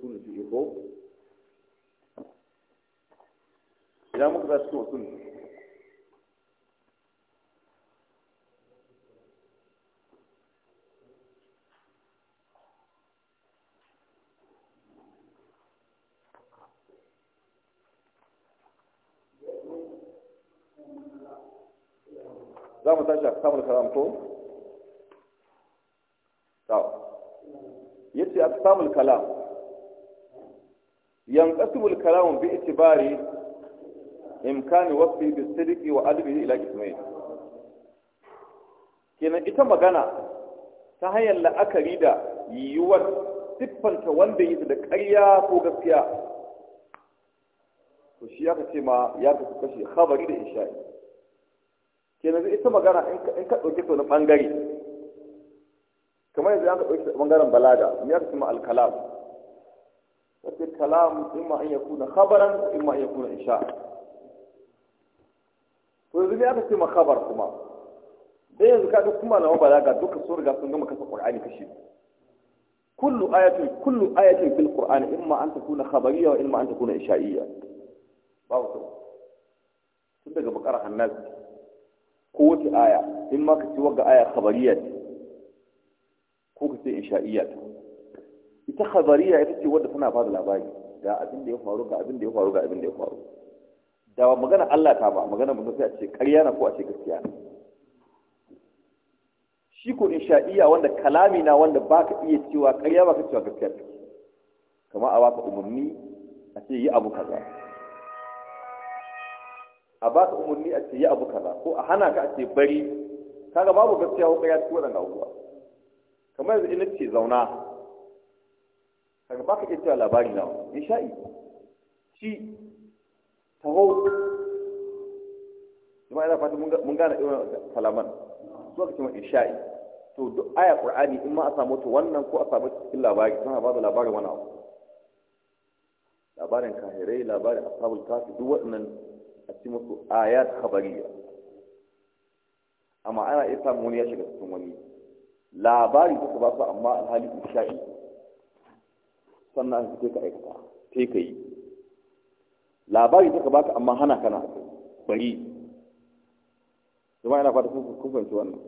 shi ko idan muka za za mu tashi a samun karamto? yace a samun kalam yanqasibul kalamu bi itibari imkani wasfi bi sidqi wa adbihi ila ismail kenan ita magana ta hanyar la'akari da yiwuwar siffanta wanda yi da ƙarya ko gaskiya to shi ya ce ma ya kasu kashi, khabari da isha'i kenan zai ita magana in ka ɗauke ta wani ɓangare kamar yanzu ya ka ɗauke ta ɓangaren balaga me ya kasu ma alkalam ففي الكلام إما أن يكون خبرا إما أن يكون إنشاء فإذا aka ce ma khabar kuma dai yanzu kaga kuma na balaga duka sun riga sun gama kasa Qur'ani kashi kullu ayatin kullu ayatin fil Qur'ani imma an kuna khabariyya wa imma an takuna isha'iyya babu to tun daga bakara annas ko wace aya in ma ka ce wagga aya khabariyya ko ka ce isha'iyya ita khabariya ita ce wadda tana ba da labari ga abin da ya faru ga abin da ya faru ga abin da ya faru da magana Allah ta ba magana mutum sai a ce ƙarya na ko a ce gaskiya na shi ko sha'iya wanda kalami na wanda ba ka iya cewa ƙarya ba ka cewa gaskiya take kamar a baka umarni a ce yi abu kaza a baka umarni a ce yi abu kaza ko a hana ka a ce bari kaga babu gaskiya ko ƙarya cikin waɗanda abubuwa kamar yanzu ina ce zauna kaga baka iya cewa labari na insha'i shi taho jama'a ina fata mun gane irin kalaman su aka cewa insha'i to duk aya ƙur'ani in ma a samu ta wannan ko a samu ta cikin labari sun ba da labarin wani abu labarin kahirai labarin ashabul kafi duk waɗannan a cikin musu ayat khabariya amma ana iya samun wani ya shiga cikin wani labari suka ba su amma alhali insha'i sannan su ce ka aikata sai ka yi labari ta ka baka amma hana kana bari zama ina fata kun fahimci wannan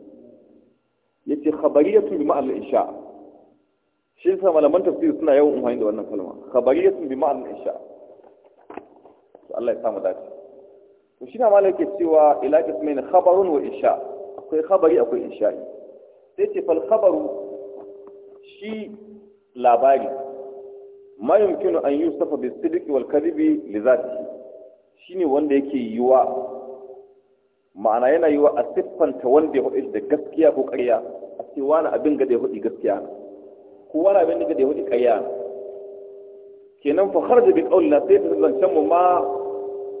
ya ce ya bi ma'al isha shi sa malaman tafsir suna yawan umarni da wannan kalma ya bi ma'al isha to Allah ya samu dace to shi na malaka cewa ila kismain khabarun wa isha akwai khabari akwai isha'i sai ce fal khabaru shi labari ma yumkinu an yusafa bi sidiq wal kadibi li zatihi shine wanda yake yiwa ma'ana yana yiwa a siffanta wanda ya hudu da gaskiya ko ƙarya a ce wani abin ga da ya hudu gaskiya ko wani abin ga da ya hudu ƙarya kenan fa kharaja bi qawlina sai ta zancen mu ma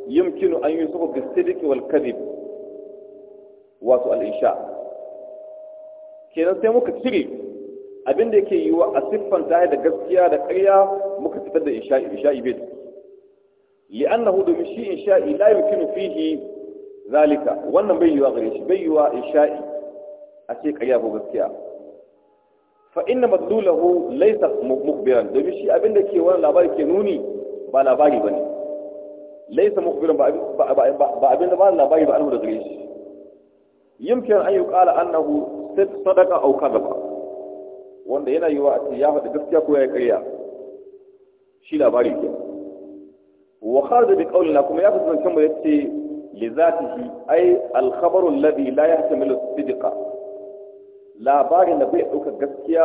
yumkinu an yusafa bi sidiq wal kadhib wato al insha kenan sai muka cire abin da yake yiwa a siffanta da gaskiya da ƙarya muka fitar da insha'i insha'i bai li'annahu domin shi insha'i la yumkinu fihi zalika wannan bai yiwa gare shi bai yiwa insha'i a ce ƙarya ko gaskiya fa inna madlulahu laysa mukhbiran domin shi abin da ke wannan labari ke nuni ba labari bane laysa mukhbiran ba abin da ba labari ba annahu da gare shi yumkin an yuqala annahu sadaka aw kadhaba wanda yana yiwa a ce ya faɗi gaskiya ko ya yi ƙarya shi labari ke wa kharaja bi qawlina kuma ya fito zancen mu yace li zatihi ay al khabaru alladhi la yahtamilu sidqa labarin da bai ɗaukar gaskiya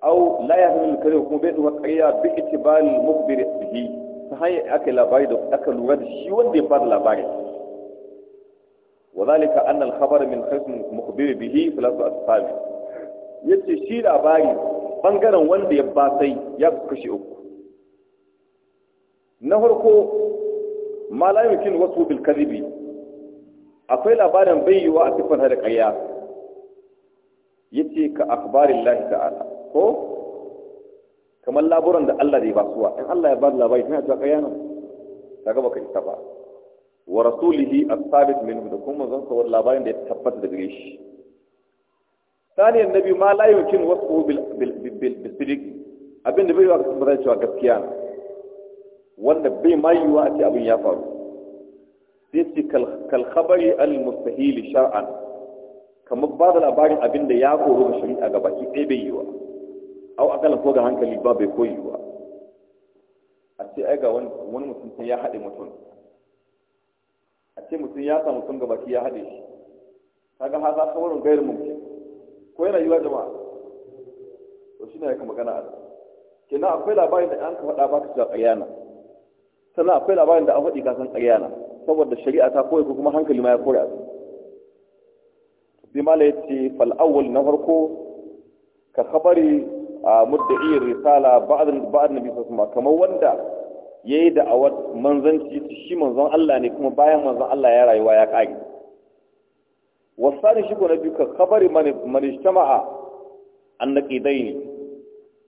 au la yahtamilu kare kuma bai ɗaukar ƙarya bi itibal mukbir bihi ta hanyar aka labari da aka lura da shi wanda ya fara labarin وذلك أن الخبر من خصم مخبر به ثلاثة أسفاله ya ce shi labari ɓangaren wanda ya basai ya kashe uku na farko malamikin wasu bilkazibi akwai labarin bayyawa a siffar da ƙarya ya ce ka akbarin lahi ta'ala ko kamar laburan da Allah zai basuwa in Allah ya ba da labari tana cewa ƙarya nan ta gaba ka ita ba wa rasulihi a sabit minu da kuma zan sawar labarin da ya tabbata daga shi ثانيا النبي ما لا يمكن وصفه بالصدق abin da bai wa ba zai cewa gaskiya wanda bai ma yiwa a ce abin ya faru sai ce kalkhabari al-mustahili shar'an kamar ba da labarin abin da ya koro ga shari'a ga baki ɗaya bai yiwa au akala ko ga hankali ba bai koyi yiwa a ce ai ga wani mutum sai ya hade mutum a ce mutum ya sa mutum ga baki ya hade shi kaga ka wurin gairin mu. ko yana yiwa jama'a to ne yake magana a kenan akwai labarin da an ka faɗa ba ka cewa ƙaryana sannan akwai labarin da an faɗi ka san ƙaryana saboda shari'a ta koyi ko kuma hankali ma ya kore a bi mala yace fal awwal na farko ka khabari mudda'i risala ba'd ba'd nabi sallallahu alaihi kamar wanda yayi da awat manzanci shi manzon Allah ne kuma bayan manzon Allah ya rayuwa ya kage wasani shi ko na biyu ka kabari mani manistama'a an na dai ne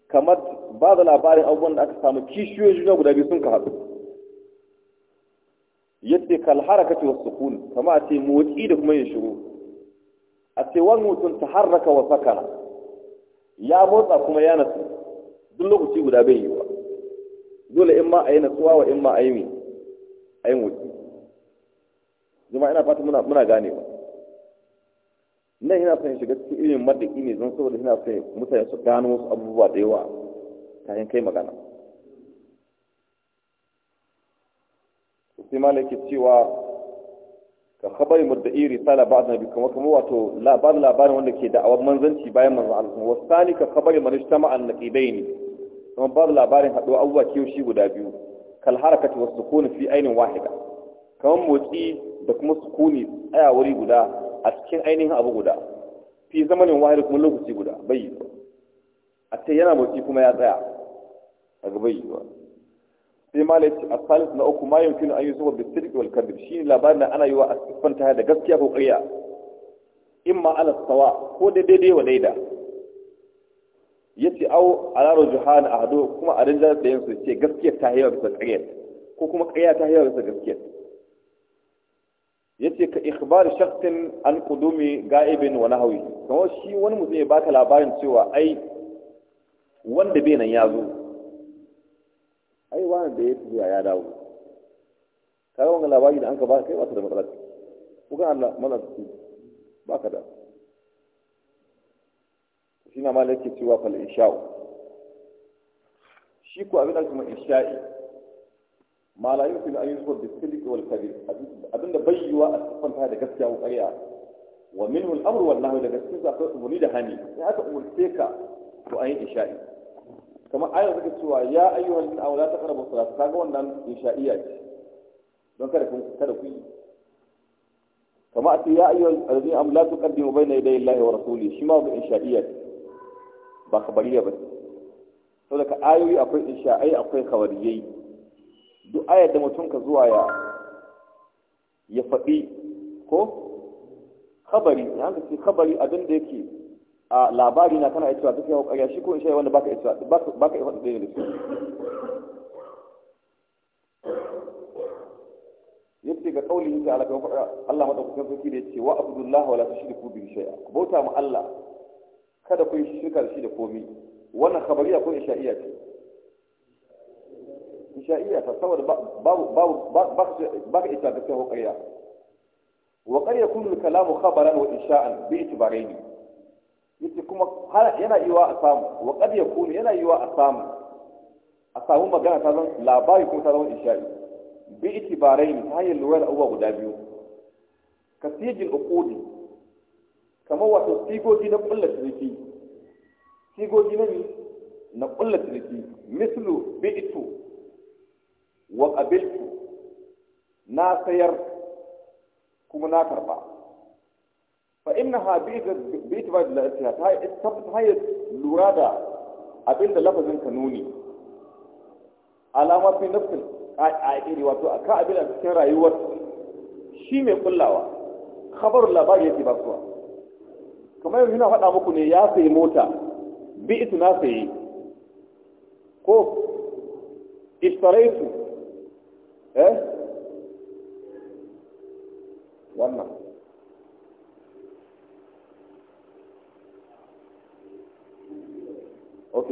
kamar ba da labarin abubuwan da aka samu kishiyoyi juna guda biyu sun ka haɗu yadda kalhara ce wasu kun kama a ce motsi da kuma yin shiru a ce wani mutum ta harraka wa sakana ya motsa kuma ya nasu duk lokaci guda bai yi ba dole in ma a yi natsuwa wa in ma a yi mi a yin wuce zama ina fata muna ganewa nan yana son shiga cikin ilimin madaki ne don saboda yana son mutane su gano wasu abubuwa da yawa yin kai magana sai malaki cewa ka khabari mudda'i risala labarin nabi kuma kuma wato labarin labarin wanda ke da awar manzanci bayan manzo Allah wa sani ka khabari man ijtama an ne kuma babu labarin haɗo abubuwa kiyo shi guda biyu kal harakati was sukuni fi ainin wahida kamar motsi da kuma sukuni tsaya wuri guda a cikin ainihin abu guda fi zamanin wahari kuma lokaci guda bai yi a ce yana motsi kuma ya tsaya a bai yi ba sai ma ce a salis na uku ma yankin an yi zuwa da sirri wal kadir shi ne labarin da ana yi wa a ta da gaskiya ko ƙarya in ma ala sawa ko daidai wa daida ya ce au alaro juhana a hado kuma a rinjar da yansu ce gaskiyar ta yi bisa ƙaryar ko kuma ƙarya ta yi bisa gaskiyar yace ka ikhbar shakhsin an qudumi ga'ibin wa nahwi kuma shi wani mutum ya baka labarin cewa ai wanda bai nan ya zo ai wani da ya tafiya ya dawo kawai wannan labari da an ka ba kai ba ta da matsala kuka Allah mana ba ka da shi na malaki cewa fal insha'u shi ko abin da kuma insha'i ma la yumkin an yusfa bi sidq wal kadhib abinda bayyuwa a siffanta da gaskiya ko ƙarya wa minhu al amru daga cikin akwai umurni da hani in aka umurce ka to ayi isha'i kamar ayar take cewa ya ayyuhal ladina amanu la taqrabu salat kaga wannan isha'iyya don kada kun kama a ce ya ayyuhal ladina amanu ba ba saboda ka ayoyi akwai isha'ai akwai khawariyai duk ayar da mutum ka zuwa ya ya faɗi ko khabari ya hanga ce khabari abin da yake a labari na kana cewa duk yawa ƙarya shi ko in shayi wanda baka isa baka isa da yake yace ga kaulin ta alaka Allah madaukakin sarki da yace wa abdullahi wala ku bi shay'a bauta mu Allah kada ku shirka da shi da komai wannan khabari akwai isha'iyya ce insha'iya ta saboda ba ka ita gaskiya ko ƙarya wa ƙarya kullu kalamu khabaran wa insha'an bi itibaraini yace kuma yana yiwa a samu wa ƙarya kullu yana yiwa a samu a samu magana ta zan labari kuma ta zama insha'i bi itibaraini ta hanyar lura da abubuwa guda biyu ka sijil uqudi kamar wato sigogi na kullu ciniki sigogi na na kullu shirki mislu bi'tu wa qabiltu na sayar kuma na karba fa innaha bi itibari da ta yi ta lura da abinda lafazin kanuni alama fi nafsin a'iri wato aka abin a cikin rayuwar shi mai kullawa khabarun labari yake ba suwa kamar yanzu na faɗa muku ne ya sayi mota bi itu na sayi ko istaraitu eh wannan ok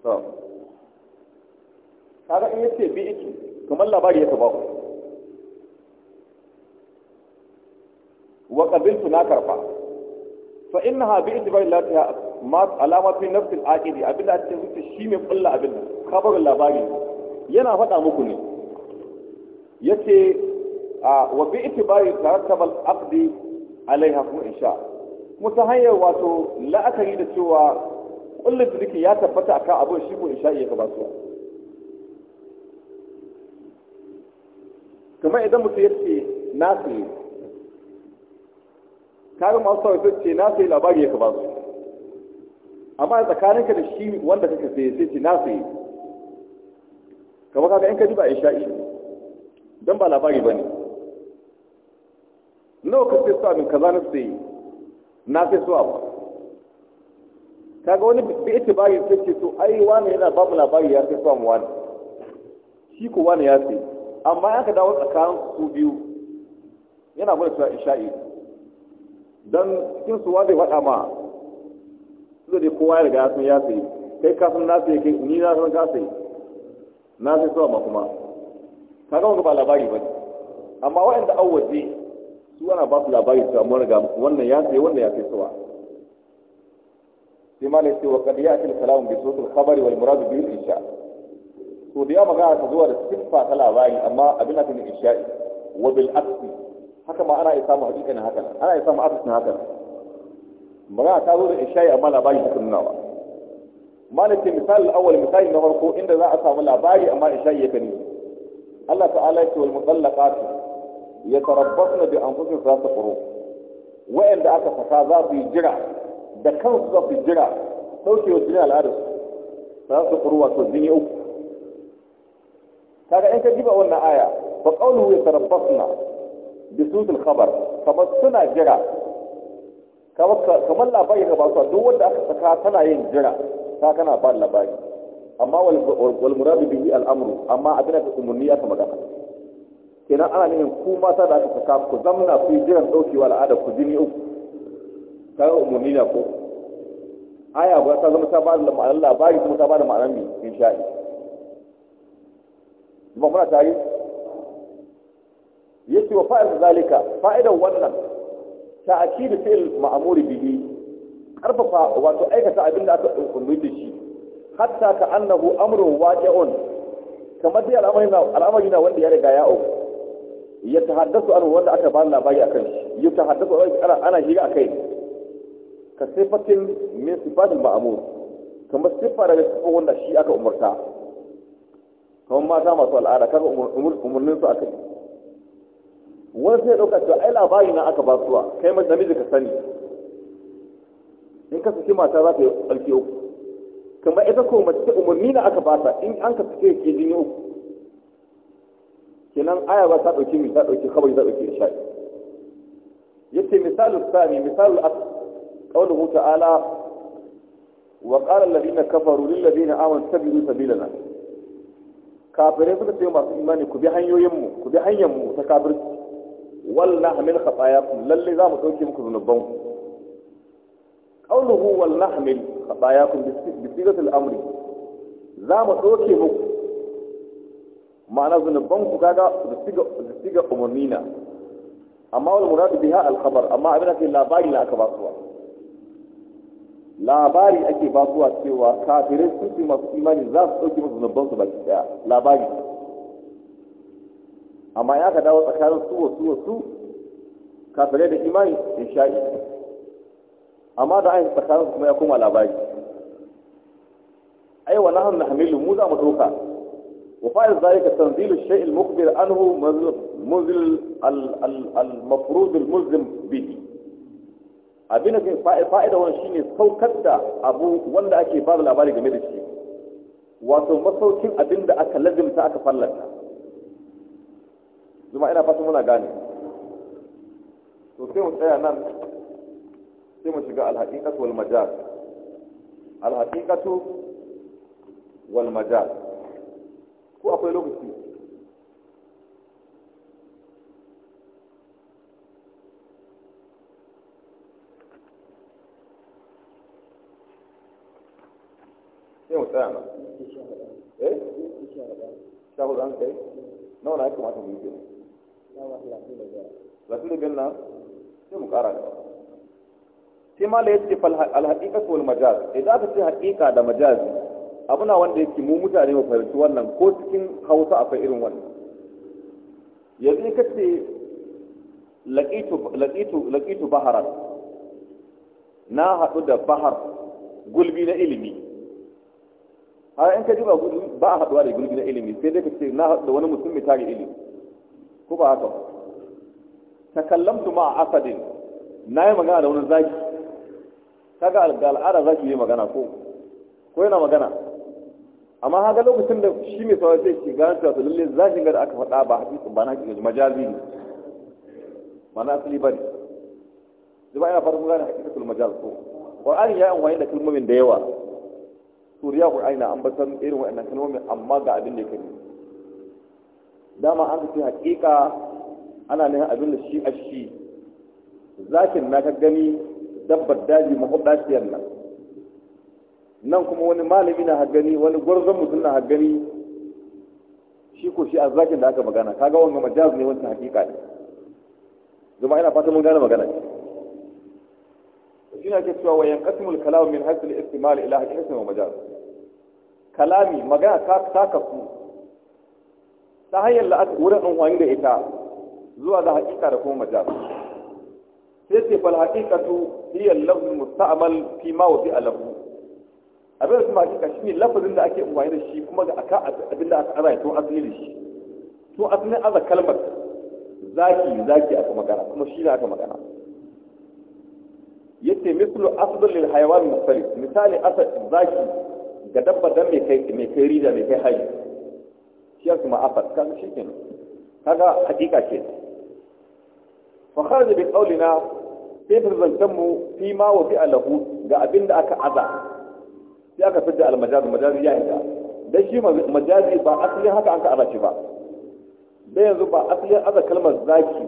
to kaga in yace bi iki kamar labari yake ba ku wa qabiltu na karfa fa innaha bi itibar latiha ma alama fi nafsil aqidi abinda ake zuci shi mai kulla abinda khabarul labari yana faɗa muku ne yace wa bi itibari tarattaba al-aqdi alaiha kuma insha kuma ta hanyar wato la'akari da cewa kullum ciniki ya tabbata akan abin shi mu insha iya gabatuwa kamar idan mutum ya ce na sayi kayan masu sauyi sun ce na sayi labari ya gabatu amma tsakaninka da shi wanda kake sai sai ce na sayi kamar kaga in ka ji ba insha'i don ba labari ba ne nawa ka sai suwa min kaza na sai na sai suwa ba kaga wani bi itibari sai ce to ai wani yana babu labari ya sai suwa mu wani shi ko wani ya sai amma ya ka dawo tsakanin su biyu yana gwada cewa isha'i don cikin su wani wada ma su da kowa ya riga ya sai kai ka san na sai ni na ka sai na sai suwa ma kuma kaga wanda ba labari ba amma waɗanda an waje su ana ba su labari su amma riga wannan ya sai wannan ya sai suwa sai ma ne sai wa qad ya'ti al-kalam bi sawt al-khabari wal murad bi al-insha to da magana ta zuwa da sifa ta labari amma abin da ne insha'i wa bil aksi haka ma ana isa mu hakika na haka ana isa mu aksi na haka magana ta zo da insha'i amma labari ta nunawa malakin misal al-awwal misali na farko inda za a samu labari amma insha'i ya kani Allah ta'ala ya ce wal mutallaqat yatarabbasna bi anfusihin salasa quru wa'anda aka fasa za su jira da kansu za su yi jira daukewa jini al'adar su za su quru wato jini uku kaga in ka jiba wannan aya fa qawluhu yatarabbasna bi sutil khabar kamar suna jira kamar labari ga ba su duk wanda aka saka tana yin jira ta kana ba labari amma wal murabi bihi al'amuru, amma abin da umarni aka magana kenan ana nufin ku mata da aka saka ku zamna ku yi jiran daukewa al'ada ku jini uku kayan umarni na ko aya ba ta zama ta ba da ma'anar labari kuma ta ba da ma'anar mai in sha'i ba muna tare yace wa fa'il zalika fa'idan wannan ta akidu fil ma'amuri bihi karfafa wato aikata abin da aka umarni da shi hatta ka annahu amru waqi'un kamar dai al'amari na al'amari na wanda ya riga ya au ya tahaddasu an wanda aka ba labari akan shi ya tahaddasu ana ana shiga akai ka sifatin min sifatin ma'mur kamar sifa daga sifofin wanda shi aka umarta kamar mata masu al'ada kaga umarnin su akai wani sai ɗauka cewa ai labari na aka ba suwa kai mai namiji ka sani in ka saki mata za ka yi ƙarfi uku kamar ita ko mace umarni na aka bata in an ka fice ke jini uku kenan aya ba ta dauki mi ta dauki kawai ta dauki isha'i yace misalu sami misalu as qawluhu ta'ala wa qala alladhina kafaru lil ladina amanu tabi'u sabilana kafirai suka ce masu imani ku bi hanyoyin mu ku bi hanyar mu ta kafirci wallah min khatayakum lalle za mu dauke muku zunuban ku qawluhu wallah min khatayakum bi sigatil amri za mu doke muku ma'ana zunuban ku kaga da siga da siga umurnina amma wal murad biha al khabar amma abin ake labari na aka basuwa labari ake basuwa cewa kafirai sun fi masu imani za su doke musu zunuban su baki daya labari amma ya ka dawo tsakanin su wasu wasu kafirai da imani in sha'i amma da ainihin tsakanin kuma ya koma labari ai wa na nahmilu mu za mu doka wa fa'iz zalika tanzilu shay'i al-mukhbir anhu muzil al-mafrud al-mulzim bihi abin da fa'ida wannan shine saukar da abu wanda ake ba da labari game da shi wato masaukin abin da aka lazimta aka fallata zuma ina fata muna gane to sai mu tsaya nan sai mu shiga alhaƙiƙatu wal majaz alhaƙiƙatu wal ko akwai lokaci sai mu tsaya eh nawa na ya kamata mu yi 35 sai mu ƙara sai ma la yace fal alhaqiqatu wal majaz idan eh, aka ce haƙiƙa da majazi abuna wanda yake mu mutane mu fahimci wannan ko cikin Hausa akwai irin wannan yanzu ka ce laƙitu baharar na haɗu da bahar gulbi na ilimi har in ka ji ba a haɗuwa da gulbi na ilimi sai dai ka ce na haɗu da wani mutum mai tare ilimi ko ba haka ta kallamtu ma a asadin na yi magana da wani zaki kaga al'ada za ki yi magana ko ko yana magana amma haka lokacin da shi mai sauran sai ke gani cewa lalle zafin da aka faɗa ba haƙiƙin ba na haƙiƙin majazi ne ba na asali ba ne zai ba ina fara kuma gane haƙiƙin majaz ko ƙwar'ani ya yi wani da kalmomin da yawa suriya ƙwar'ani na ambatan irin waɗannan kalmomin amma ga abin da ya kai dama an ka ce haƙiƙa ana nan abin da shi a shi zakin na ka gani dabbar daji mahudaciyar nan nan kuma wani malami na hagani wani gwarzon mutum na hagani shi ko shi azzakin da aka magana kaga wanga majaz ne wancan hakika ne zama ina fata mun gane magana ne shi na ke cewa wayan qasimul kalam min hasil istimal ila hakikin wa majaz kalami magana ta ta kafu ta hanyar la'akari wurin amfani da ita zuwa ga hakika da kuma majaz sai ce fal haqiqatu hiya lafzul musta'mal fi ma wa fi alahu abin da kuma hakika shine lafazin da ake amfani da shi kuma ga aka abin da aka ara to asali da shi to asalin aza kalmar zaki zaki aka magana kuma shi ne aka magana yace mislu asdal lil hayawan mukhtalif misali asad zaki ga dabba dan mai kai mai kai rida mai kai hayi shi kuma asad kan shi kenan kaga haƙiƙa kenan fa kharaja bi qawlina sai farzantan mu fi ma wa fi alahu ga abin da aka aza sai aka fita al majazi ya yanka dan shi majazi ba asalin haka an ka aza shi ba dan yanzu ba asalin aza kalmar zaki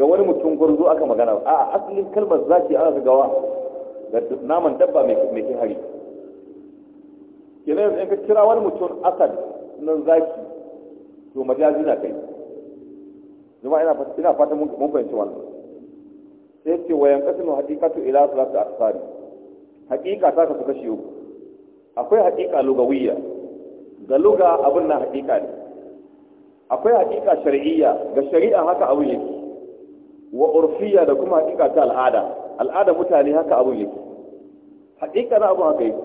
ga wani mutum gurzo aka magana a asalin kalmar zaki ana gawa ga naman dabba mai kin hari kenan yanzu in ka kira wani mutum asad nan zaki to majazi na kai zama ina fata mun fahimci wannan sai ce wayan qasmu haqiqatu ila salatu asfari haqiqa ta ka kashi uku akwai haqiqa lugawiyya ga luga abin nan haqiqa ne akwai haqiqa shar'iyya ga shari'a haka abin yake wa urfiyya da kuma haqiqa ta al'ada al'ada mutane haka abin yake haqiqa na abu haka yake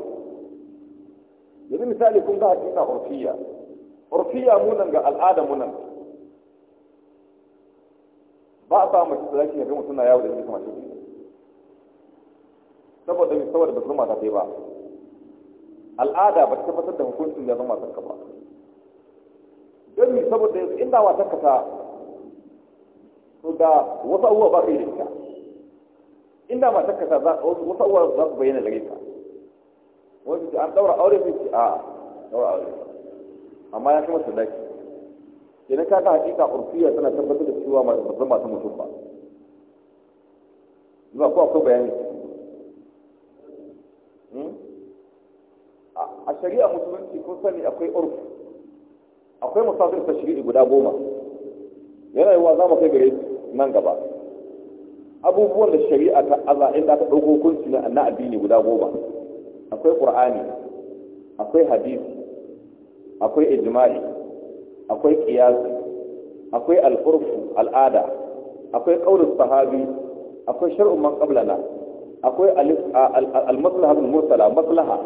yanzu misali kun ga haqiqa urfiyya urfiyya munan ga al'ada munan ba a samu mace da zaki yabi mutum na yawo da ita kamar shi saboda mai saboda ba zama ta ba al'ada ba ta tabbatar da hukuncin da zama sarka ba don mai saboda yanzu inda wa sarka ta to da wasu abubuwa ba ka yi da inda ma sarka ta wasu abubuwa za su bayyana da ka wani su ce an daura aure su ce a daura aure amma ya kama su dace kenan ka ga hakika urfiya tana tabbatar da cewa ba ta zama ta mutum ba zuwa ko akwai bayani hmm? a shari'a musulunci kun sani akwai urfi akwai musafir ta shiri guda goma yana yiwuwa za mu kai gare nan gaba abubuwan da shari'a ta aza inda ta ɗauko hukunci na addini guda goma akwai ƙur'ani akwai hadisi akwai ijma'i akwai kiyasi akwai al'urfu al'ada akwai ƙaurin sahabi akwai shar'un man qablana akwai al-maslaha al-mursala maslaha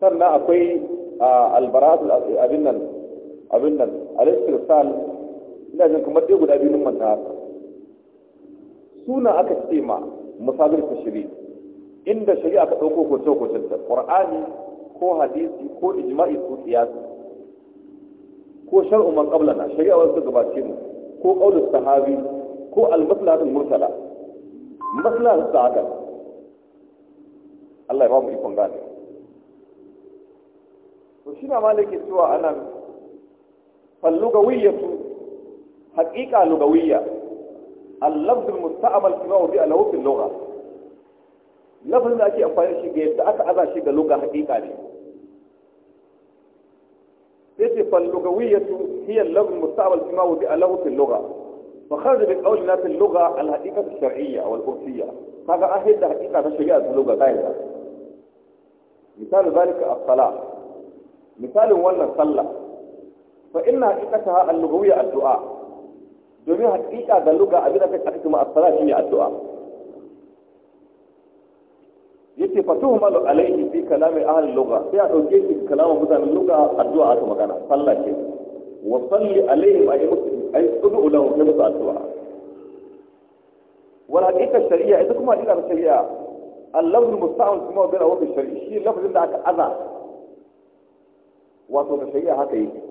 sannan akwai al-bara'at abin nan abin nan al-istirsal ina jin kamar dai guda biyu mun ta suna aka ce ma musabir tashri inda shari'a ka dauko ko ce ko ce Qur'ani ko hadisi ko ijma'i ko qiyasi ko shar'u man qablana shari'a wanda suka gabace mu ko qaulus sahabi ko al-maslahatul mursala maslahatu sa'ada Allah ya ba mu ikon gane to shi na malaki cewa ana anan fallugawiyyatu haqiqa lugawiyya al-lafz al-musta'mal kama wa bi'a lahu fil lugha lafzin da ake amfani shi ga yadda aka aza shi ga lugha haqiqa ne يجي فاللغوية هي اللغة المستعمل فيما وضع بألغة اللغة فخرج بقولنا في اللغة الحقيقة الشرعية أو الأرثية هذا أهد حقيقة الشرعية في اللغة غيرها مثال ذلك الصلاة مثال ولا صلى فإن حقيقتها اللغوية الدعاء جميع حقيقة اللغة أبدا في مع الصلاة هي الدعاء yace fa tuhmalu alaihi fi kalami ahli lugha sai a dauke shi kalamin mutanen lugha addu'a aka magana sallah ce wa salli alaihim ay ay ud'u lahum fi addu'a wal haqiqa shari'a ita kuma ina da shari'a al-lafz musta'mal kuma bin awqi shari'a shi lafzin da aka aza wato da shari'a haka yake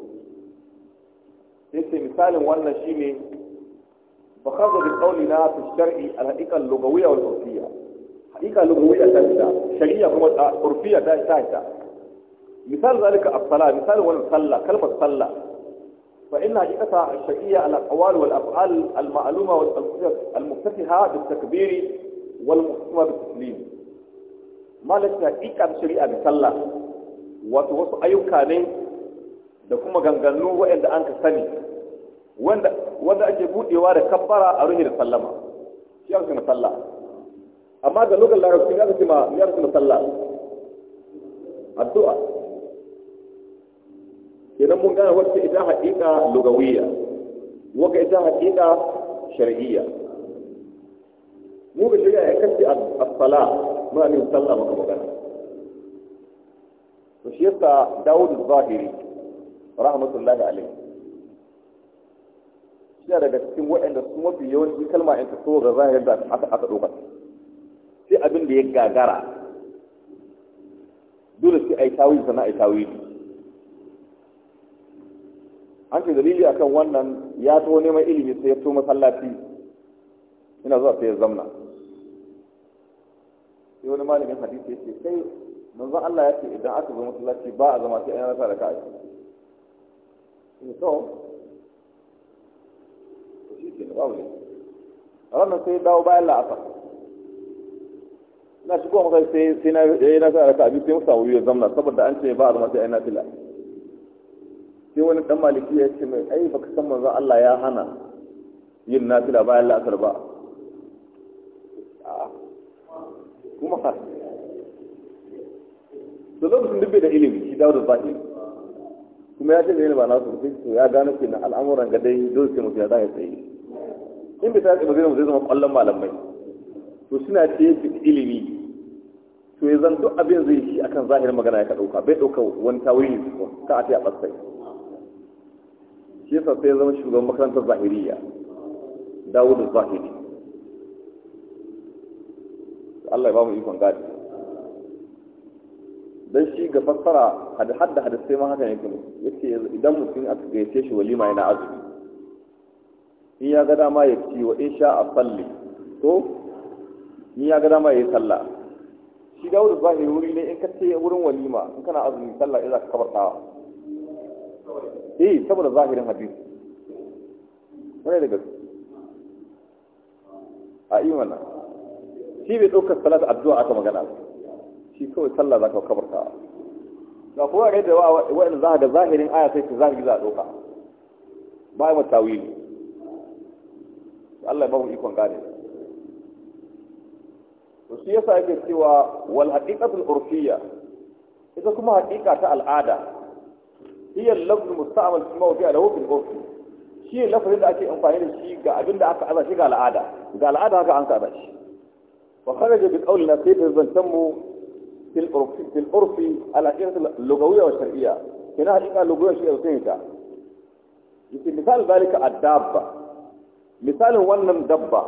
yace misalin wannan shine fa khadha bi qawlina fi shar'i al-haqiqa al-lughawiyya wal-urfiyya hakika lugawiyya ta fita shari'a kuma urfiya ta fita misal zalika as-sala misal wal salla kalmar salla fa inna hakikata ash-shari'a al-aqwal wal af'al al-ma'luma wal al-muftatiha bit-takbir wal muhtama bit-taslim malaka hakika shari'a da salla wato wasu ayyuka ne da kuma gangannu waɗanda an ka sani wanda wanda ake budewa da kabbara a ruhi da sallama shi aka na sallah amma da lokacin larabci ya zaki ma ya zaki masalla addu'a kenan mun gane wacce ita haƙiƙa lugawiyya waka ita haƙiƙa shar'iyya mu ga shari'a ya kace as-sala ma min sallah maka magana to shi yasa Dawud Zahiri rahmatullahi alaihi shi daga cikin waɗanda su mafi yawanci kalma in ta so ga zahirin da aka aka ɗaukar abin da ya gagara dole sai a yi tawili sannan a yi an ce dalili akan wannan ya to neman ilimi sai ya to masallaci ina zuwa sai ya zamna sai wani malamin hadisi ya ce sai manzo Allah ya ce idan aka zo masallaci ba a zama sai an rasa da kai ne to shi ke babu ne ranar sai dawo bayan la'asar na shi kuma sai sai na yayi na sai aka abin sai musa wuri zamna saboda an ce ba a zamanta sai na fila sai wani dan maliki ya ce mai ai baka san manzo Allah ya hana yin nafila bayan la'asar ba kuma ka da lokacin dubbe da ilimi shi dawo da zahiri kuma ya ce da ba nasu sai to ya gano kenan al'amuran ga dai dole sai mutum ya zai sai in bai ta ce ba zai zama kwallon malamai to suna ce ilimi to ya zan duk abin zai shi akan zahirin magana ya ka ɗauka bai ɗauka wani tawili ka a ta a ɓasai shi yasa sai ya zama shugaban makarantar zahiriya dawo da zahiri Allah ya ba mu ikon gadi dan shi ga fassara hada hadda hada sai ma haka yake yace idan mutum aka gaice shi walima yana azumi in ya ga dama ya ci wa insha a salli to ni ya ma ya yi sallah shi Dawud zahiri wuri ne in ka ce wurin walima in kana azumi sallah idan ka kabarta eh saboda zahirin hadisi wani daga a imana shi bai ɗaukar salatu addu'a aka magana shi kawai sallah za ka kabarta ga kuma ga da wa'in za ga zahirin aya sai ka zahiri za a ɗauka ba ya matawili Allah ya ba mu ikon gane to shi yasa yake cewa wal haqiqatul urfiyya ita kuma haqiqa ta al'ada hiya lafzul musta'mal fi mawdi'a lahu fil urf shi lafzin da ake amfani da shi ga abin da aka aza shi ga al'ada ga al'ada haka an saba shi wa kharaja bi qawli na sai zancan mu fil urfi fil urfi al haqiqatul lugawiyya wa shar'iyya kina haqiqa lugawiyya shi yautin ta yace misal zalika ad-dabba misalin wannan dabba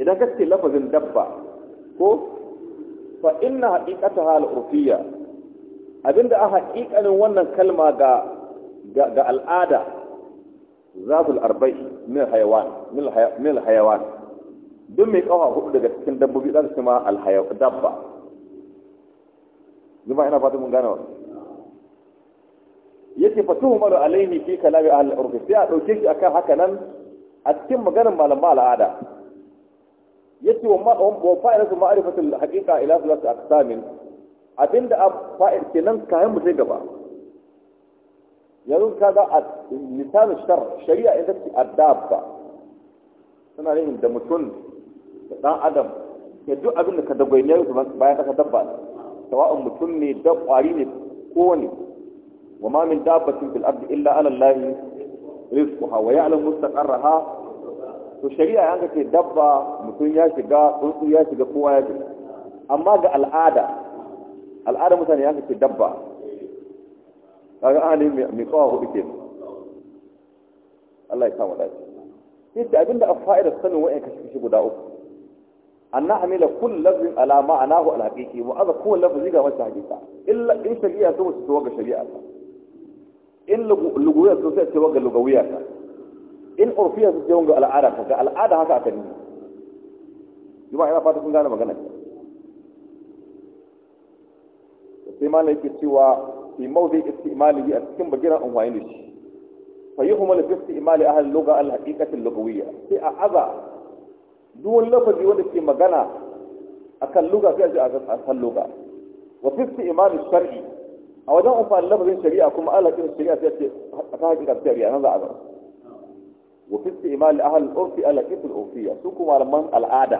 idan kace lafazin dabba ko fa inna haqiqata hal urfiya abinda a haqiqanin wannan kalma ga ga al'ada zatul arba'i min hayawan min hayawan duk mai kawa hudu daga cikin dabbobi za su ma alhayaw dabba zuma ina fatan mun gane wa yace fa tuhmaru alaihi fi kalami ahli urfi sai a dauke shi akan haka nan a cikin maganar malama al'ada yace wa fa'ilatu ma'rifatul haqiqa ila thalath aqsamin abinda fa'il kenan kayan mu sai gaba yanzu kaga lisan shar shari'a ita ce adabba tana yin da mutum da dan adam ya duk abin da ka dagwaine su bayan ka dabba sawa'un mutum ne da kwari ne kowane wa ma min dabbatin fil ardi illa ala allahi rizquha wa ya'lamu mustaqarraha to shari'a ya ce dabba mutum ya shiga tsuntsu ya shiga kowa ya shiga amma ga al'ada al'ada mutane ya ce dabba kaga ahli mai kawa hudu ke Allah ya samu dace yadda abinda a fa'idar sanin wa'in kashi kashi guda uku an na hamila kun lafzin a ma'anahu alhaqiqi mu aza kowane lafzi ga masa hakika. in shari'a so su ga shari'a ta in luguwiya so sai ce ga lugawiya ta in urfiya su ce wanga al'ada ka ga al'ada haka aka nuna juma ina fata kun gane magana ta sai malai yake cewa fi mawdi imali a cikin bagiran amfani da shi fa yi kuma lafi istimali imali a halin loga al lokawiyya sai a aza duwan lafazi wanda ke magana a kan loga sai a ji a san loga wa fi imali shar'i a wajen amfani lafazin shari'a kuma alaƙin shari'a sai a ce a kan haƙiƙa shari'a nan za a zama wa fi istimal ahal urfi ala kif al urfiya su al'ada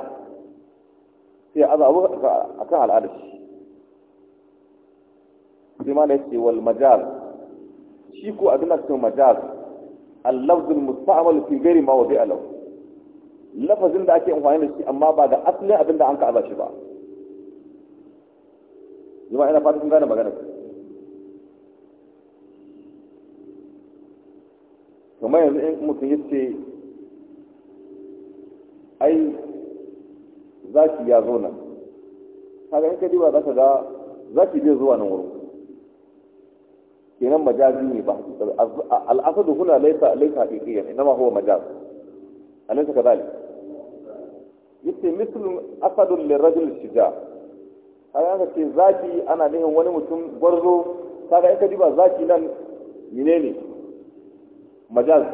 sai aza abu akan al'ada shi sai ma yace wal majaz shi ko abin da majaz al lafz al musta'mal fi ghairi mawdi'a lahu lafazin da ake amfani da shi amma ba ga asalin abin da an ka aza shi ba jama'a ina fatan gane kuma yanzu in mutum ya ce ai zaki ya zo nan kaga in ka diba za ka ga zaki zai zuwa nan wurin kenan majazi ne ba al'asadu huna laisa laisa haqiqiyyan inma huwa majaz ka kadhalik yace mislu asadun lirajul shija kaga ka ce zaki ana nihin wani mutum gwarzo kaga in ka diba zaki nan menene majaz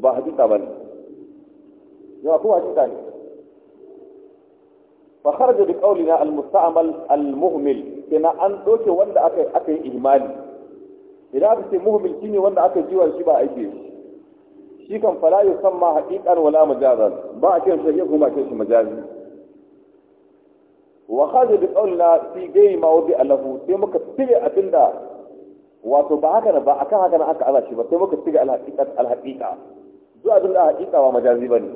ba hakika ba ne yawa kuma hakika ne fa kharaja bi qawlina al musta'mal al muhmil kina an doke wanda aka aka yi ihmali idan aka ce muhmil shine wanda aka jiwa shi ba aike shi kan fala yusamma haqiqan wala majazan ba a kiran shi kuma kiran shi majazi wa kharaja bi qawlina fi ghayri mawdi lahu sai muka tire abinda wato ba haka ba akan haka na aka azashi ba sai muka ci ga alhaqiqa duk abin da a haƙiƙa ba majazi ba ne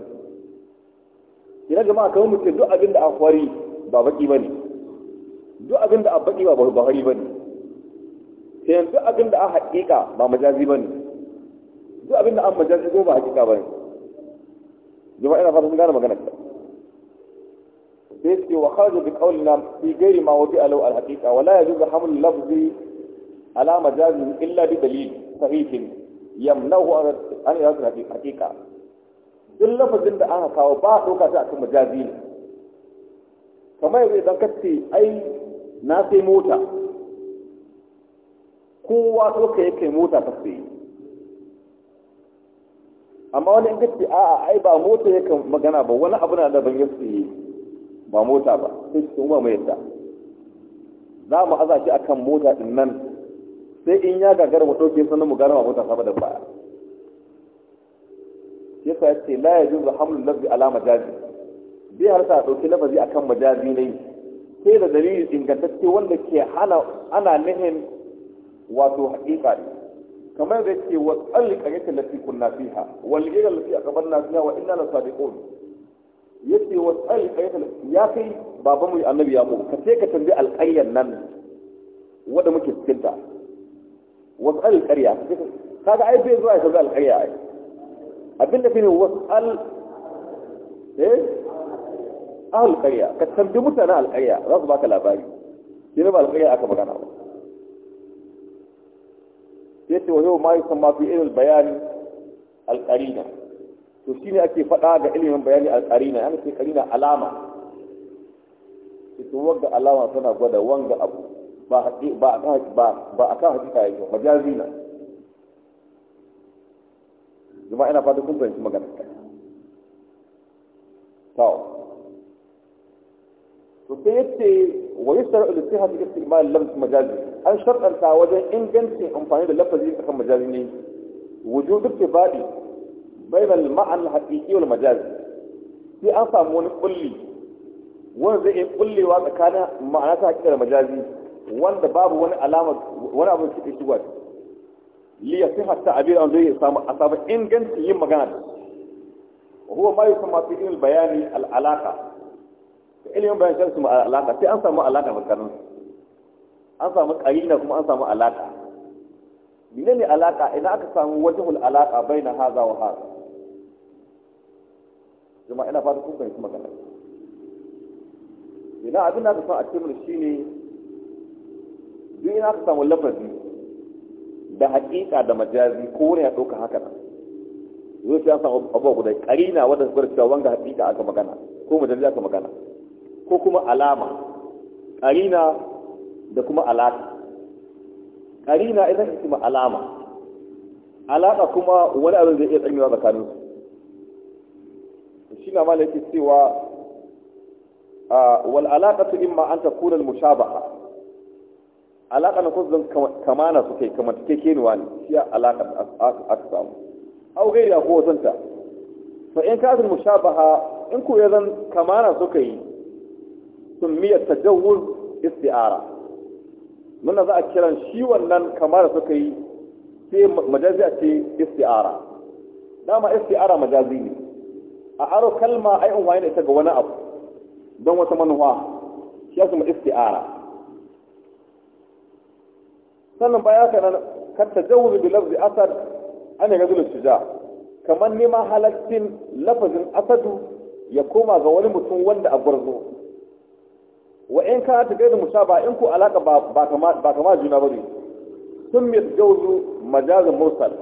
ina jama'a kamar mu ce duk abin da a kwari ba baki ba ne duk abin da a ba ba hari ba ne sai duk abin da a haƙiƙa ba majazi ba ne duk abin da an majazi ko ba haƙiƙa ba ne jama'a ina fata sun gane magana ta sai ce wa kharaju bi qawlina fi ghairi ma wadi alau alhaqiqa wala wa la yajuzu hamlu lafzi ala majazi illa bi dalil sahihin yamnahu an hadi hakika duk lafazin da aka kawo ba a ɗauka ta akan majazi ne kamar yanzu idan ka ce ai na sai mota kowa so ka yi kai mota ka sai amma wani in ka ce a'a ai ba mota ya kan magana ba wani abu na da ban yi ba mota ba sai su ba mai yadda za mu aza shi akan mota din nan sai in ya gagara mu ɗauke sannan mu gane ma mota sama da baya yasa ce la ya jin hamlul lafi ala majazi bai harsa a ɗauki lafazi akan majazi ne sai da dalili ingantacce wanda ke hana ana nihin wato haƙiƙa ne kamar da yake wa tsalli ƙarƙar lafi kunna fiha wal gira lafi a gaban na fiha wa ina na ya ce wa tsalli lafi ya kai babanmu annabi ya mu ka ce ka tambayi alƙayyar nan Wadda muke cikin ta wasal alƙarya kaga ai bai zuwa ya sauka alƙarya ai abin da kane wasal eh ahal ƙarya ka tambi mutane alƙarya za su baka labari ne ba alƙarya aka magana ba sai ce wajen ma yusan ma fi irin bayani alƙarina to shi ne ake faɗa ga ilimin bayani alƙarina yana ce ƙarina alama ita wanga alama tana gwada wanga abu ba a kan hakika yake majazi na zama ina fata kun fahimci magana tawo to sai yace wa yusra ila sihhat istimal lafz majazi an shartanta wajen ingancin amfani da lafazi kan majazi ne wujud ibtibadi bayan al-ma'an al-haqiqi wal majazi sai an samu wani ƙulli wani zai iya ƙullewa tsakanin ma'ana ta hakika majazi wanda babu wani alama wani abu da ke shigowa liya sun hatta abin an zai samu a samu ingancin yin magana da huwa ma yi yusan masu ilimin bayani al'alaka da ilimin bayan shan su ma al'alaka sai an samu alaka tsakanin an samu karina kuma an samu alaka ne alaka idan aka samu hul alaka bai na haza wa haza jama'a ina fata kuka yi fahimci magana ina abin da aka san a cikin ne duk na ka samu lafazi da haƙiƙa da majazi ko wani ya ɗauka haka nan zai sai an samu abuwa guda ƙarina wadda su gwada cewa wanga haƙiƙa aka magana ko majazi aka magana ko kuma alama ƙarina da kuma alaƙa ƙarina ita ce kuma alama alaƙa kuma wani abin zai iya tsanyewa tsakanin su shi na yake cewa ah, wal alaƙa su imma an ta kunan mushabaha alaƙa na kwasu don kamana su kai kamar take kenuwa ne shi alaƙa aka samu au gai da kowa zanta fa in ka mu shabaha in ko ya zan kamana su kai sun miyar tajawur isti'ara muna za a kiran shi wannan kamana su kai sai majazi a ce isti'ara dama isti'ara majazi ne a aro kalma ai in wani ita ga wani abu don wata manuwa shi ya su ma isti'ara sannan ya ka nan kan tajawuzu bi lafzi asad an ga zulu tija kamar ma halaccin lafazin asadu ya koma ga wani mutum wanda a gurzo wa in ka ta gaida musaba in ku alaka ba kama ba kama juna bane sun mai tajawuzu majazi mursal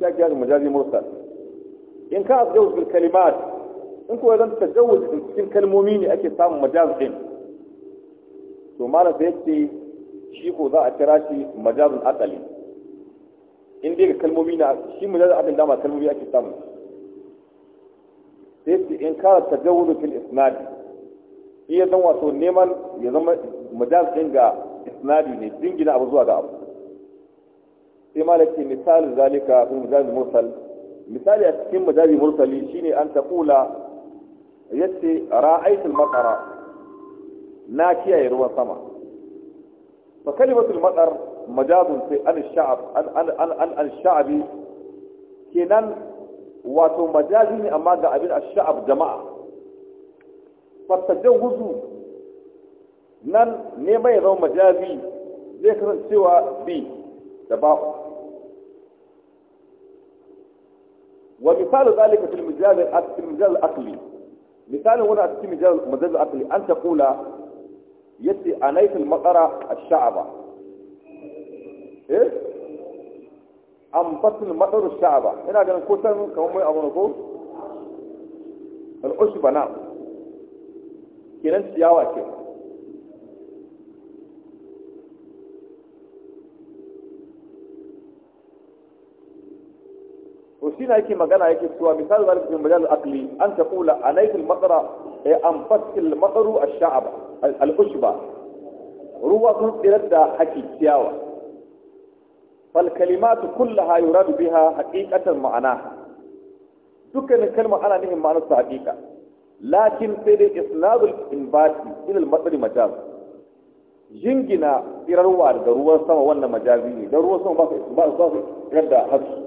ya ga majazi mursal in ka tajawuzu bil kalimat in ku zan tajawuz cikin kalmomi ne ake samun majazi din to malam sai yace shi ko za a kira shi majazun Asali. in dai ga kalmomi na shi majazun akali dama kalmomi ake samu sai su in kara tajawudu fil isnad iya zan wato neman ya zama majaz din ga isnadi ne dingina abu zuwa ga abu sai malaki misal zalika ko majaz mursal misali a cikin majazi mursali shine an kula yace ra'aitul maqara na kiyaye ruwan sama فكلمة المطر مجاز في عن الشعب عن عن عن عن, عن الشعب كنان واتو مجازي أما قابل الشعب جماعة فالتجوز نان نيما يضو مجازي ذكر سوى بي تباو ومثال ذلك في المجال في المجال العقلي مثال هنا في المجال العقلي أن تقول يتي أنيت المطر الشعبة إيه أم أنبت المطر الشعبة هنا قال الكتن كم أبو نقول الأشبة نعم كنن سياوة كن وسينا يكي مغانا يكي سوى مثال ذلك في مجال الأقلي أن تقول أنيت المقرة an fasil matsaru a sha'aba ba. ruwa sun tsirar da haƙi ciyawa falkalimatu kullaha yuradu biha haƙiƙatar ma'ana dukkanin kalma ana nihin ma'anar su haƙiƙa lakin sai dai isnadul inbati ilal matsari majaz jingina tsirarwa daga ruwan sama wannan majazi ne don ruwan sama ba su tsirar da hasu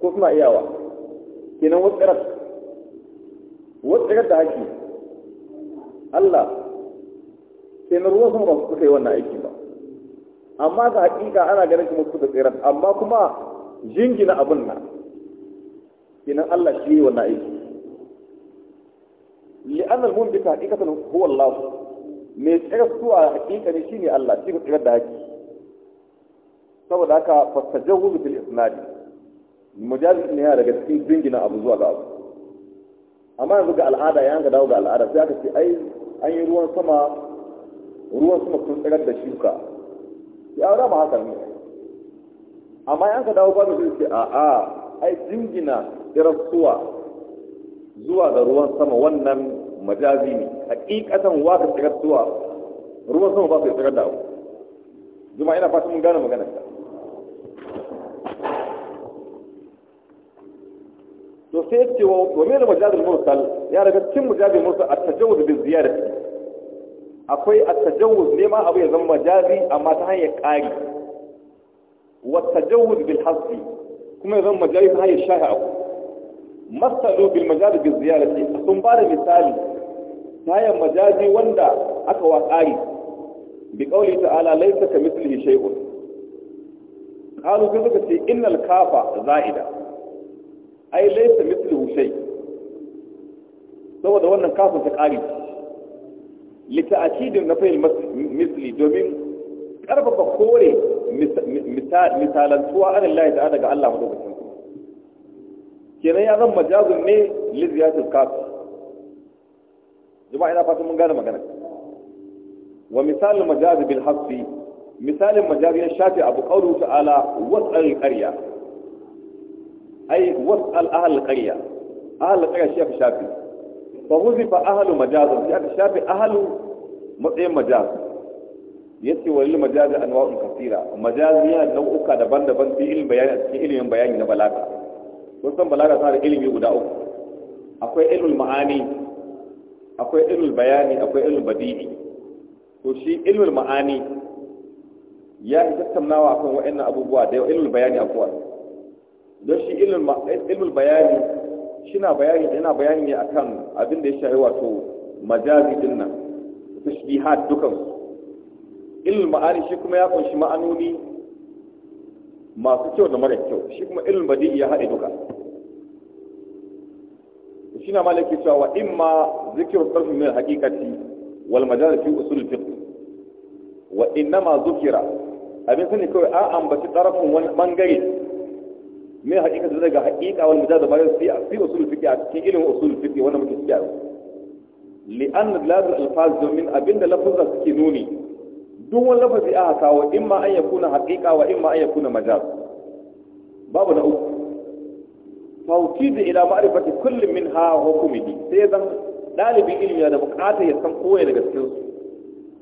ko suna iyawa kenan wasu tsirar wasu tsirar da haƙi Allah sai na ruwan sama ba suka yi wannan aiki ba amma ga hakika ana ganin kuma suka tsira amma kuma jingina abin na kenan Allah shi yi wannan aiki li'an al-mumbi ta hakikatan huwa Allah mai tsira suwa hakika ne shine Allah shi ku tsira da haki saboda haka fastajawuzu bil isnadi mujazi ne ya daga cikin jingina abu zuwa ga abu amma yanzu ga al'ada ya ga dawo ga al'ada sai aka ce ai an yi ruwan sama ruwan sama sun tsirar da shuka ya rama haka ne amma yan ka dawo babu ce a a ai jingina irasuwa zuwa ga ruwan sama wannan majazi ne hakikatan wa ka tsirar zuwa ruwan sama ba su yi tsirar da abu juma'a ina fashin mun gane maganar to sai yace wa domin majazul mursal ya daga cikin majazul mursal at-tajawuz bi ziyadati akwai at-tajawuz ne ma abu ya zama majazi amma ta hanyar ƙari wa tajawuz bil hasbi kuma ya zama majazi ta hanyar shahi abu masalu bil majazul bi ziyadati sun ba da misali ta hanyar majazi wanda aka wa ƙari bi qauli ta'ala laysa kamithlihi shay'un qalu sai suka ce innal kafa za'ida ai laisa mithluhu shay saboda wannan kafin ta ƙari ta'kidin na fa'il misli domin karfafa kore misalantuwa anin lahi ta'a daga Allah madaukakin kenan ya zan majazun ne liziyatul kafin jama'a ina fatan mun gane magana wa misalin majazi bil hafi misalin majazi ya shafi abu ƙauru ta'ala wasu ƙarya ai wasal ahal qarya ahal qarya shi aka shafi fa a ahalu majaz shi aka shafi ahalu matsayin majaz yace walil majaz anwa'un kathira majaz ya nau'uka daban-daban fi ilmin bayani cikin ilimin bayani na balaga kun san balaga ta da ilimi guda uku akwai ilmul ma'ani akwai ilmul bayani akwai ilmul badi'i to shi ilmul ma'ani ya tattaunawa akan wa'annan abubuwa da bayani don shi ilmul bayani shina bayani yana bayani ne akan abin da ya shahi wato majazi dinna tashbihat dukan ilmul ma'ani shi kuma ya kunshi ma'anoni masu kyau da mara kyau shi kuma ilmul badi ya haɗe duka shi na malaki cewa wa in imma zikir sarfin min haqiqati wal majaz fi usul fiqh wa ma zukira abin sani kawai a ambaci tarafin wani bangare me hakika da daga hakika wal mujaza ba sai a fi usul fiqh a cikin ilimin usul fiqh wannan muke ciya li an lazil alfaz domin abinda lafuzza suke nuni duk wani lafazi a kawo ma an yakuna hakika wa ma an yakuna majaz babu na uku tawkid ila ma'rifati kulli ha hukumi sai dan dalibin ilimi da bukata ya san koya daga cikin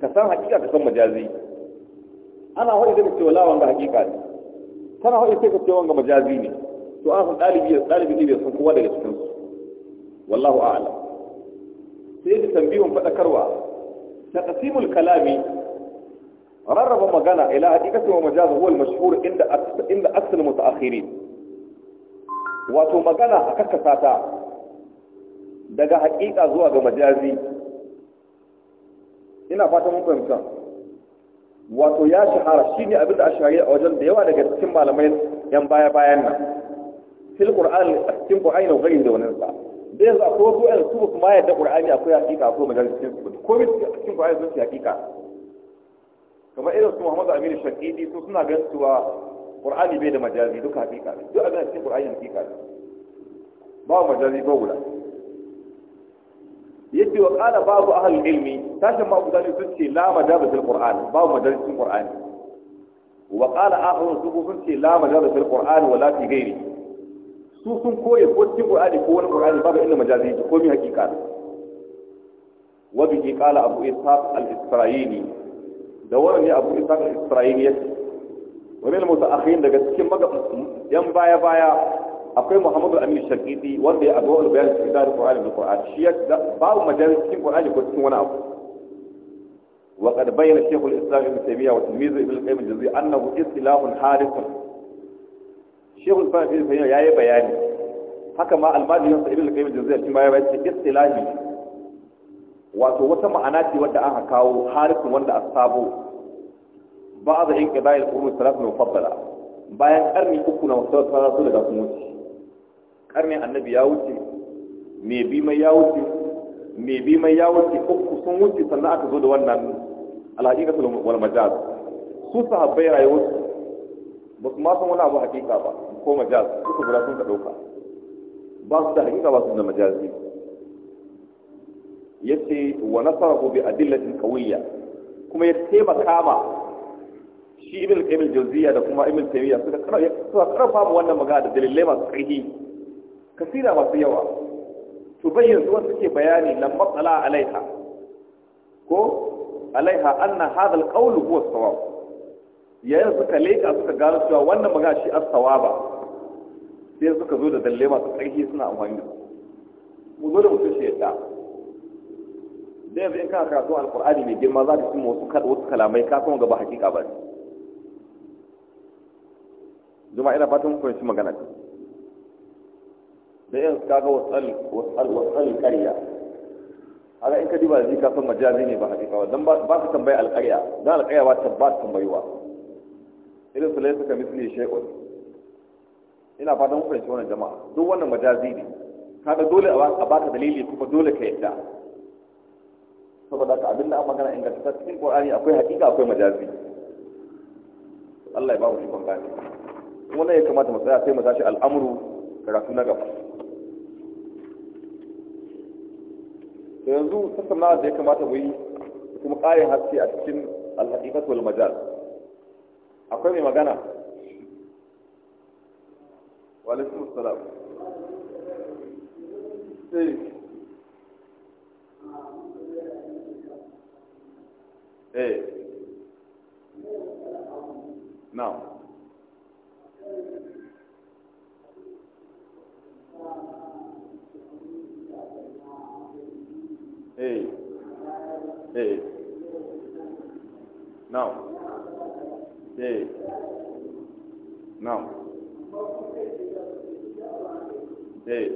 ka san hakika ka san majazi ana hoye da cewa lawan ga hakika ne kana haɗe sai ka ce wanga majazi ne to an san ɗalibi da ɗalibi ne bai san kowa daga cikin su wallahu a'lam sai da tambihun faɗakarwa taqsimul kalami rarraba magana ila haqiqati wa majazi huwa al-mashhur inda inda asl mutaakhirin wato magana a kakkasata daga haƙiƙa zuwa ga majazi ina fata mun fahimta wato ya shahara shine abin da a shahara a wajen da yawa daga cikin malamai yan baya bayan nan fil qur'an a cikin ƙur'ani na gari da wannan sa da yanzu akwai wasu yan su kuma yadda qur'ani akwai hakika akwai majalisin su ko mi cikin ƙur'ani sun ci hakika kamar irin su Muhammad Amir shakidi su suna gan cewa qur'ani bai da majalisi duka hakika duk abin da cikin qur'ani hakika ba majalisi ba guda Yadda wa qala babu ahlul ilmi tashin ma ubudani sun ce la majalis alquran babu madarisin qur'ani wa qala akhar su sun ce la majalis alquran wala fi ghairi su sun koye ko cikin qur'ani ko wani qur'ani babu illa majazi ko mi hakika wa bihi qala abu ishaq al-isra'ili da wannan ne abu ishaq al-isra'ili yake wani mutaakhirin daga cikin yan baya baya akwai muhammadu amin shakiti wanda ya abuwa bayan cikin tsarin qur'ani da qur'ani shi ya babu majalis cikin qur'ani ko cikin wani abu wa qad bayyana shaykhul islam ibn taymiyyah wa tilmizu ibn qayyim al-jawziyya annahu istilahun harithun shaykhul islam ibn ya yi bayani haka ma al-madiyan sa ibn qayyim al-jawziyya shi ma ya bayani istilahi wato wata ma'ana ce wadda aka kawo harithun wanda asabo ba'da inqida'il qurun thalath mufaddala bayan karni uku na wasu sarrafa daga sun wuce karnin annabi ya wuce mai bi mai ya wuce mai bi mai ya wuce uku sun wuce sannan aka zo da wannan alhaƙiƙatul wal majaz su sahabbai rayuwarsu ba su ma san wani abu hakika ba ko majaz suka guda sun ka ɗauka ba su da hakika ba su da Ya ce wa nasarahu bi adillatin qawiyya kuma ya taimaka ma shi ibn qayyim al-jawziyya da kuma ibn taymiya suka suka karfa wannan magana da dalilai masu ƙarfi kasira masu yawa to bayyana wasu suke bayani lam matsala alaiha ko alaiha anna hadal qawlu huwa sawab yayin suka leka suka gano cewa wannan magana shi as-sawaba sai suka zo da dalle masu tsarki suna amfani da mu zo da mutum shi yadda da yanzu in kana karatu alkur'ani mai girma za ka fi wasu wasu kalamai ka san gaba hakika ba juma'a ina fatan kun shi magana ce da yin kaga wasan karya haka in ka diba da ka san majazi ne ba haƙiƙa ba don ba su tambaya alƙarya don alƙarya ba ta ba tambayuwa irin su laifuka misali misli ina fatan ku fahimci wannan jama'a duk wannan majazi ne kaga dole a baka dalili kuma dole ka yadda saboda ka abinda an magana inganta cikin qur'ani akwai haƙiƙa akwai majazi Allah ya ba mu shi gani wannan ya kamata mu tsaya sai mu tashi al'amuru karatu na gaba yanzu tattaunawa da ya kamata mu yi kuma ƙarin haske a cikin alhaƙiƙat wal majal akwai mai magana wa salam sai eh eh now Não. Ei. Não. Ei.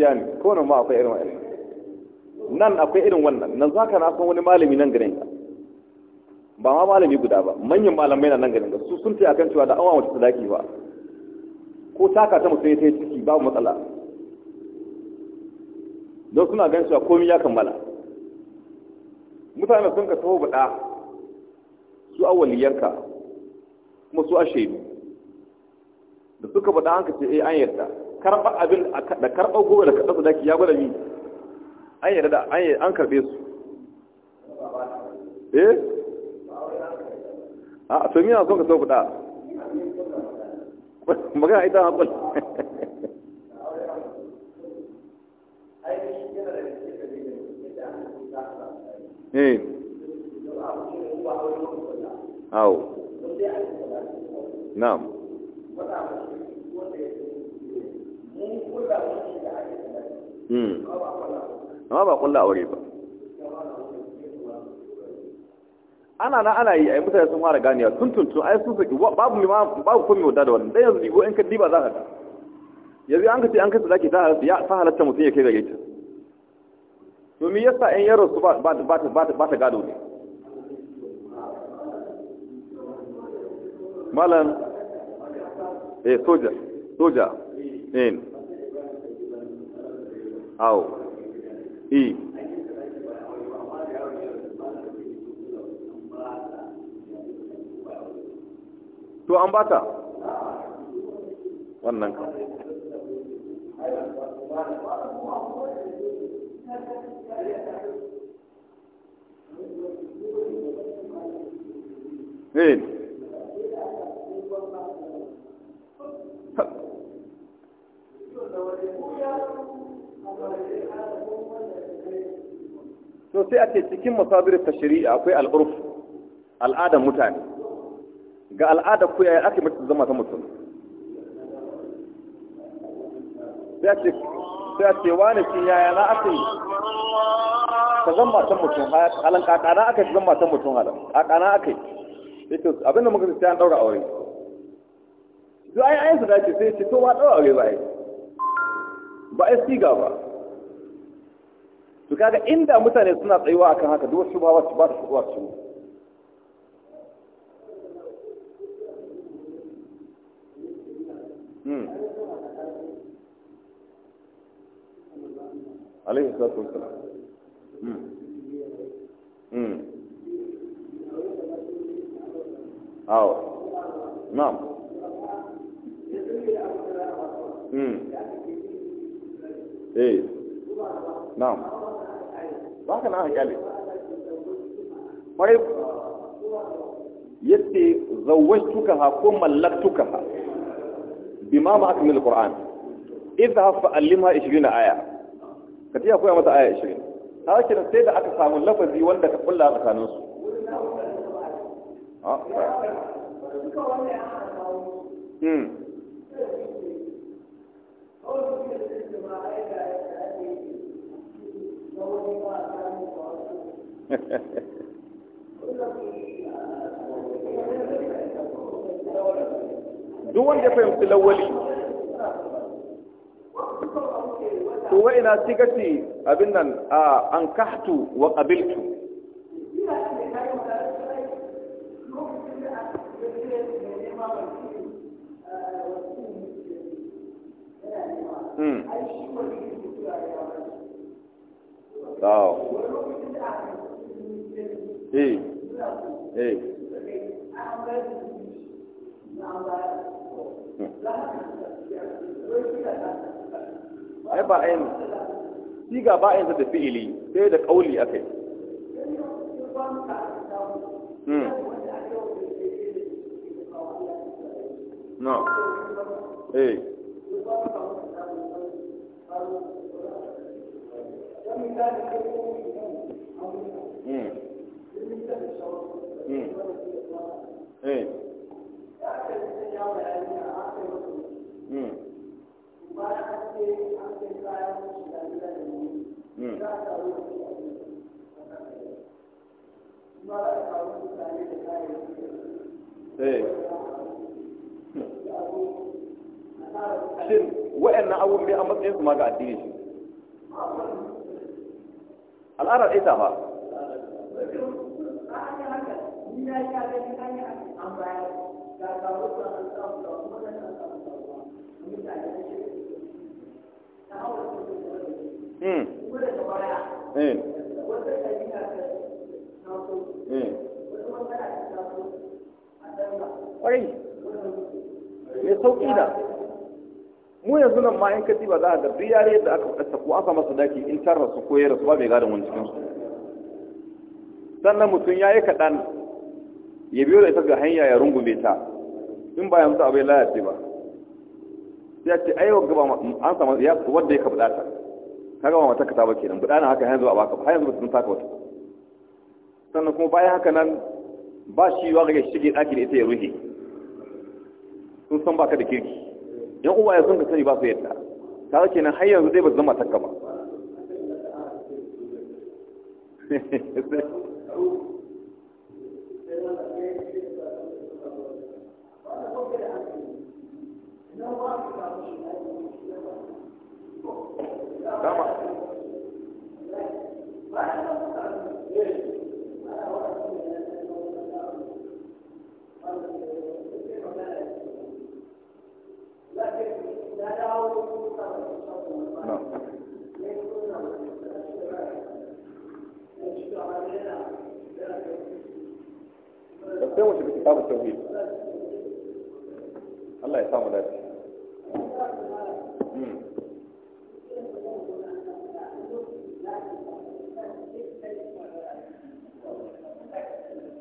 gaskiya ne ko nan ma akwai irin wannan nan akwai irin wannan nan zaka na san wani malami nan garin ka ba ma malami guda ba manyan malamai na nan garin ka su sun ce akan cewa da awa wata sadaki ba ko taka ta mutum ta ciki babu matsala don suna gan cewa komai ya kammala mutane sun ka taho bada su awaliyanka kuma su a shaidu da suka bada an ka ce eh an yarda karɓar abin da karɓar goma da karɓar sadaki ya gwada mi an yarda an yi an karɓe su eh a to mina son ka sau kuɗa magana ita hankul eh awo na'am Hmm. amma ba kulla aure ba ana na ana yi ai mutane sun fara ganiya tun tun tun ai sun saki babu babu komai wadda da wannan dan yanzu digo in ka diba za ka ta. yanzu an kace an kace zaki ta ya ta halatta mutum ya kai gare ta to me yasa in yaro su ba ba ba ba ta gado ne malam eh soja soja eh awo i to an bata wannan ka Hey. Eh. so sai ake cikin cikin ta shari'a akwai al'urf al'adar mutane ga al'ada ku yaya ake mutu zama ta mutum sai a ce wani cin yaya na ake ka zama ta mutum halin kakana aka yi zama ta mutum halin kakana aka yi abinda muka sai an daura aure duk yi ayin su dace sai ce to ba daura aure ba yi ba yi siga ba to kaga inda mutane suna tsayuwa akan haka duk su ba wasu ba su kuwa su hmm. alaihi salatu wassalam mm hmm. aw na'am Hmm. eh na'am ba ka na a kyale yadda yace zawwajtuka ha ko mallaktuka ha bima ma akmil alquran idha fa allimha 20 aya ka tiya koya mata aya 20 haka kenan sai da aka samu lafazi wanda ka kulla tsakanin su ah, hmm duk wanda fahimci lawali to wa'ina sigati abin nan a an kahtu wa qabiltu Hmm. Oh. eh eh ai ba ayin siga ba ayin da fi'ili sai da kauli akai hmm. no eh Mm. ya wa'annan abun bai a matsayin su ma ga addini shi al'adar ita ba ƙwarai hmm. hmm. mai sauƙi da mu yanzu nan ma in ka ba za a ga yare da aka fadasta ko aka masa daki in tarra su ko ya ba bai gadon wani cikin sannan mutum ya yi kaɗan ya biyo da ita ga hanya ya rungume ta in ba ya yanzu abai lalace ba sai ce ai wa gaba an samu ya wanda ya kabda ta kaga ba mata kata ba kenan budana haka yanzu a baka ba yanzu ba sun taka wata sannan kuma bayan haka nan ba shi wa ga shige daki da ita ya ruhe sun san baka da kirki yan uwa ya sun ka sani ba su yadda kaga kenan har yanzu dai ba zama takka ba dama sai wace Allah ya samu lafiya